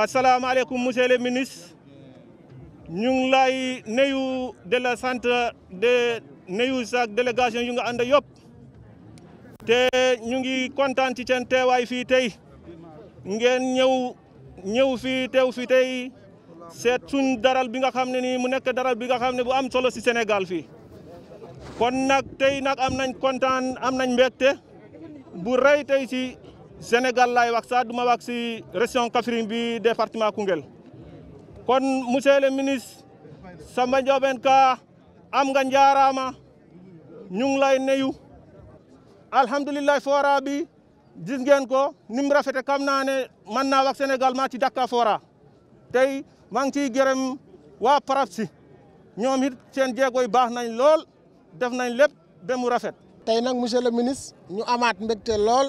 asalaamaaleykum monsieur le ministre ñu lay nuyu de la sant de nuyu sa délégation yu nga ànd yëpp te ñu ngi kontaan ci seen teewaay fii tey ngeen ñëw ñëw fii teew fii tey seet suñ daral bi nga xam ne nii mu nekk daral bi nga xam ne bu am solo si Sénégal fii kon nag tey nag am nañ kontaan am nañ mbégte bu rëy tey si Sénégal laay wax sax du ma wax si région Kaffrine bi département Koungheul kon monsieur le ministre Samba Ndiobène Ka am nga njaaraama ñu lay nuyu alhamdulilah foora bi gis ngeen ko ni rafete xam naa ne mën naa wax Sénégal maa ci dakka foora tey maa ngi ciy gërëm waa PRAPSI ñoom it seen jéego yi baax nañ lool def nañ lépp ba mu rafet. tey nag monsieur le ministre ñu amaat mbégte lool.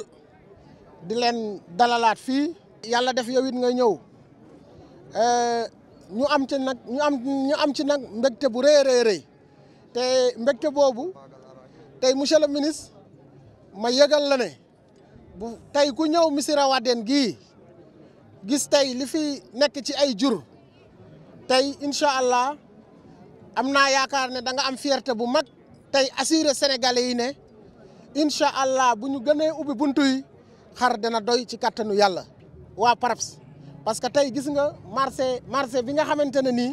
di leen dalalaat fii yàlla def yow it nga ñëw eh, ñu am ci nag ñu am ñu am ci nag mbégte bu rëy rëy rëy te mbégte boobu tey monsieur le ministre ma yëgal la ne tey ku ñëw Missirah Wadène gi gis tey li fi nekk ci ay jur tey incha allah am naa yaakaar ne da nga am fierte bu mag tey assuré sénégalais yi ne incha allah bu ñu gënee ubbi buntu yi xar dana doy ci kattanu yàlla waa PARAPS parce que tey gis nga marché marché bi nga xamante ne nii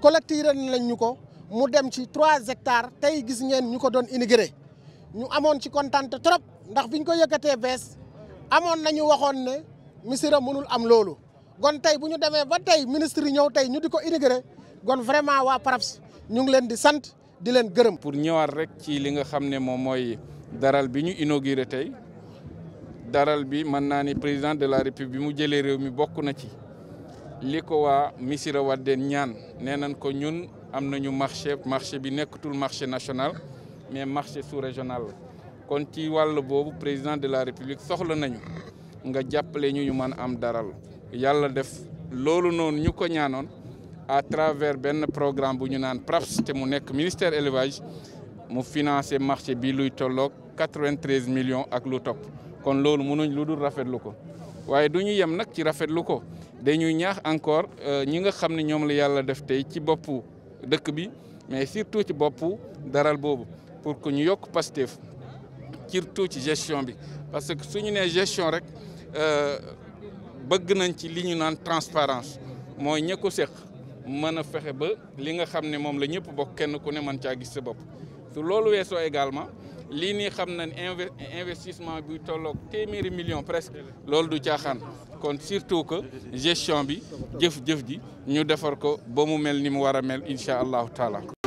collecté nañ ñu ko mu dem ci trois hectares tey gis ngeen ñu ko doon inauguré ñu amoon ci kontaan trop ndax biñ ko yëkkatee bees amoon nañu waxoon ne Missirah mënul am loolu kon tey bu ñu demee ba tey ministre yi ñëw tey ñu di ko inauguré kon vraiment waa PARAPS ñu ngi leen di sant di leen gërëm. pour ñëwaat rek ci li nga xam ne moom mooy daral bi ñu inauguré tey. daral bi man nani président de la république bi mu jëlee réew mi bokk na ci liko wa misira Missirah ñaan nee ko ñun am ñu marché marché bi nekkatul marché national mais marché sous régional kon ci wàll bobu président de la république soxla nañu nga jàppale ñu ñu man am daral Yalla def lolu non ñu ko ñaanoon à travers ben programme bu ñu nane PRAPS te mu nekk ministère élevage mu financer marché bi luy tolok 93 millions ak lu top kon loolu mënuñ lu dul rafetlu ko waaye du ñu yem nag ci rafetlu ko dañuy ñaax encore euh, ñi nga xam ne ñoom la yàlla def tey ci boppu dëkk bi mais surtout ci boppu daral boobu pour que ñu yokk Pastef surtout ci gestion bi parce que suñu ñu nee gestion rek euh, bëgg nañ ci li ñu naan transparence mooy ña ko séq mën a fexe ba li nga xam ne moom la ñëpp bokk kenn ku ne mën caa gis sa bopp su loolu weesoo également lii nii xam na investissement bi tolloog téeméeri million presque loolu du caaxaan kon surtout que gestion bi jëf-jëf ji ñu defar ko ba mu mel ni mu war a mel incha taala